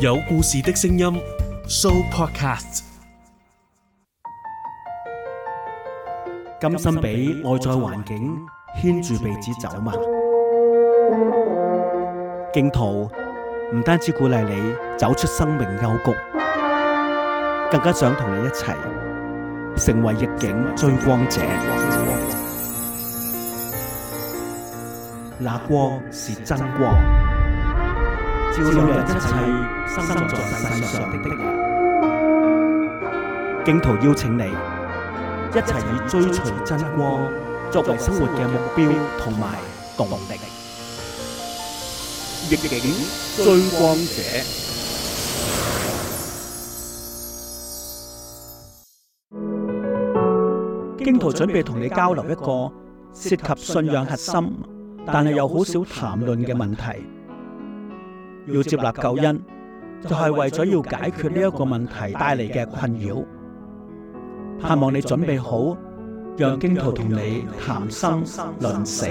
有故事的聲音，Sooopodcast。甘心俾外在環境牽住鼻子走嘛？荊徒唔單止鼓勵你走出生命幽谷，更加想同你一齊成為逆境追光者。那光是真光。照亮一切生在世上的的人，荊徒邀請你一齊以追隨真光作為生活嘅目標同埋動力，逆境追光者。荊徒準備同你交流一個涉及信仰核心，但係又好少談論嘅問題。要接納救恩，就係為咗要解決呢一個問題帶嚟嘅困擾。盼望你準備好，讓荊徒同你談生論死，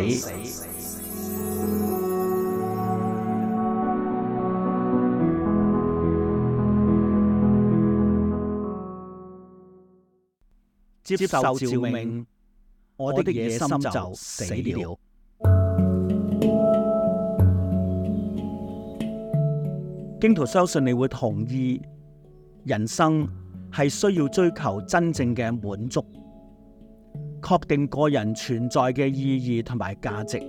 接受召命，我哋嘅野心就死了。荊徒相信你會同意，人生係需要追求真正嘅滿足，確定個人存在嘅意義同埋價值。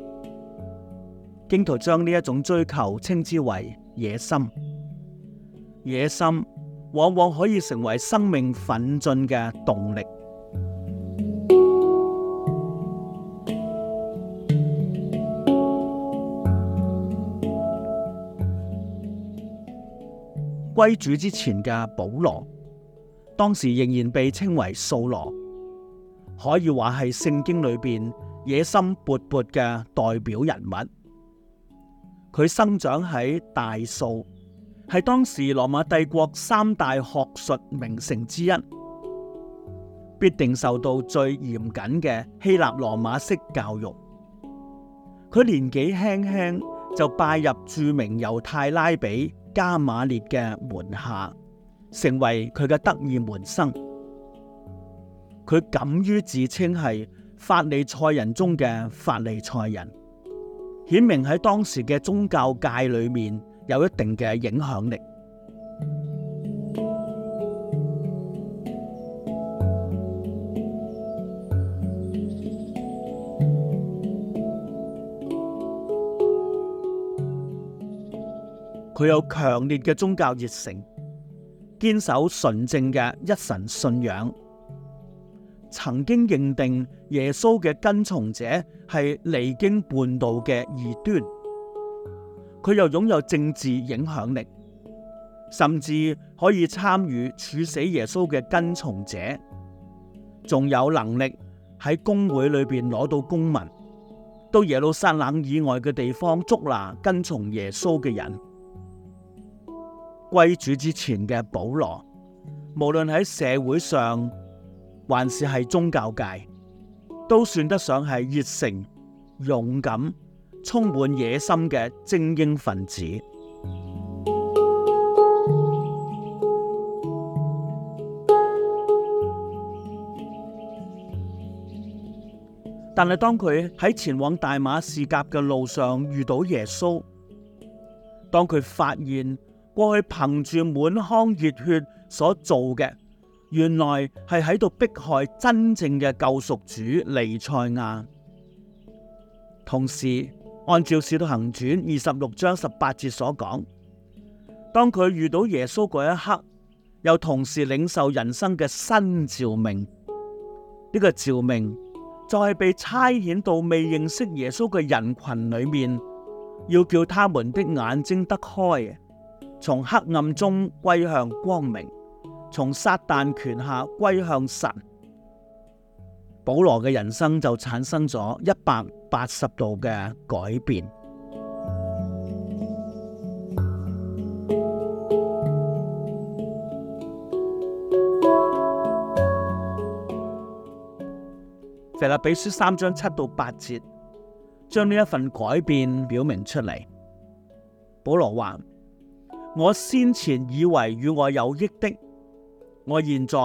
荊徒將呢一種追求稱之為野心，野心往往可以成為生命奮進嘅動力。歸主之前嘅保羅，當時仍然被稱為掃羅，可以話係聖經裏邊野心勃勃嘅代表人物。佢生長喺大數，係當時羅馬帝國三大學術名城之一，必定受到最嚴謹嘅希臘羅馬式教育。佢年紀輕輕就拜入著名猶太拉比，加瑪列嘅門下，成為佢嘅得意門生。佢敢於自稱係法利賽人中嘅法利賽人，顯明喺當時嘅宗教界裏面有一定嘅影響力。佢有強烈嘅宗教熱誠，堅守純正嘅一神信仰。曾經認定耶穌嘅跟從者係離經叛道嘅異端。佢又擁有政治影響力，甚至可以參與處死耶穌嘅跟從者，仲有能力喺公會裏邊攞到公民，到耶路撒冷以外嘅地方捉拿跟從耶穌嘅人。歸主之前嘅保羅，無論喺社會上還是係宗教界，都算得上係熱誠、勇敢、充滿野心嘅精英分子。但係當佢喺前往大馬士革嘅路上遇到耶穌，當佢發現。過去憑住滿腔熱血所做嘅，原來係喺度迫害真正嘅救贖主彌賽亞。同時，按照《使徒行傳》二十六章十八節所講，當佢遇到耶穌嗰一刻，又同時領受人生嘅新召命。呢、這個召命就係被差遣到未認識耶穌嘅人群裏面，要叫他們的眼睛得開。從黑暗中歸向光明，從撒但權下歸向神。保羅嘅人生就產生咗一百八十度嘅改變。腓立比書三章七到八節，將呢一份改變表明出嚟。保羅話。我先前以為與我有益的，我現在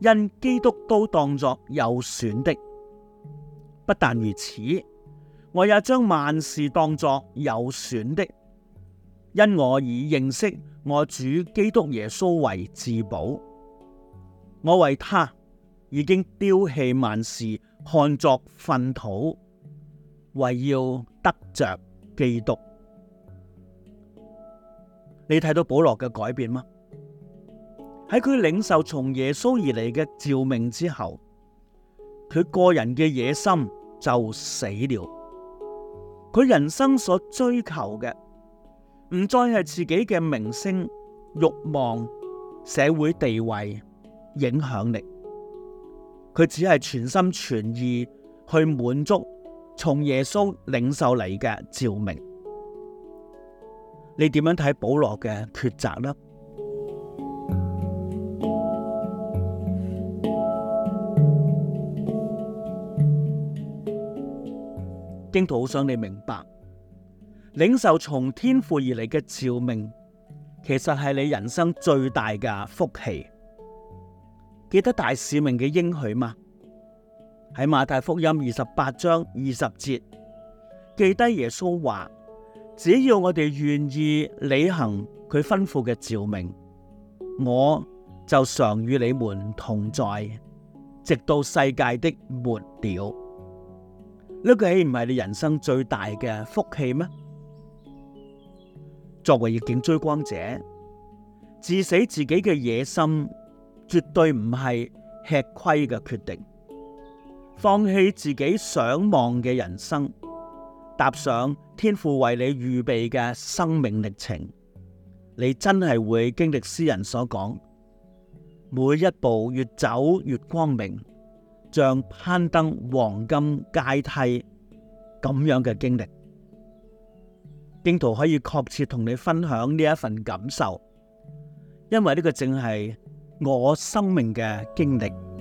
因基督都當作有損的。不但如此，我也將萬事當作有損的，因我已認識我主基督耶穌為至寶。我為他已經丟棄萬事，看作糞土，為要得着基督。你睇到保羅嘅改變嗎？喺佢領受從耶穌而嚟嘅召命之後，佢個人嘅野心就死了。佢人生所追求嘅唔再係自己嘅名聲、欲望、社會地位、影響力。佢只係全心全意去滿足從耶穌領受嚟嘅召命。你點樣睇保羅嘅抉擇呢？荊徒好想你明白，領受從天父而嚟嘅召命，其實係你人生最大嘅福氣。記得大使命嘅應許嗎？喺馬太福音二十八章二十節，記低耶穌話。只要我哋願意履行佢吩咐嘅召命，我就常與你們同在，直到世界的末了。呢、這個豈唔係你人生最大嘅福氣咩？作為逆境追光者，治死自己嘅野心絕對唔係吃虧嘅決定，放棄自己想望嘅人生。踏上天父為你預備嘅生命歷程，你真係會經歷詩人所講，每一步越走越光明，像攀登黃金階梯咁樣嘅經歷。荊徒可以確切同你分享呢一份感受，因為呢個正係我生命嘅經歷。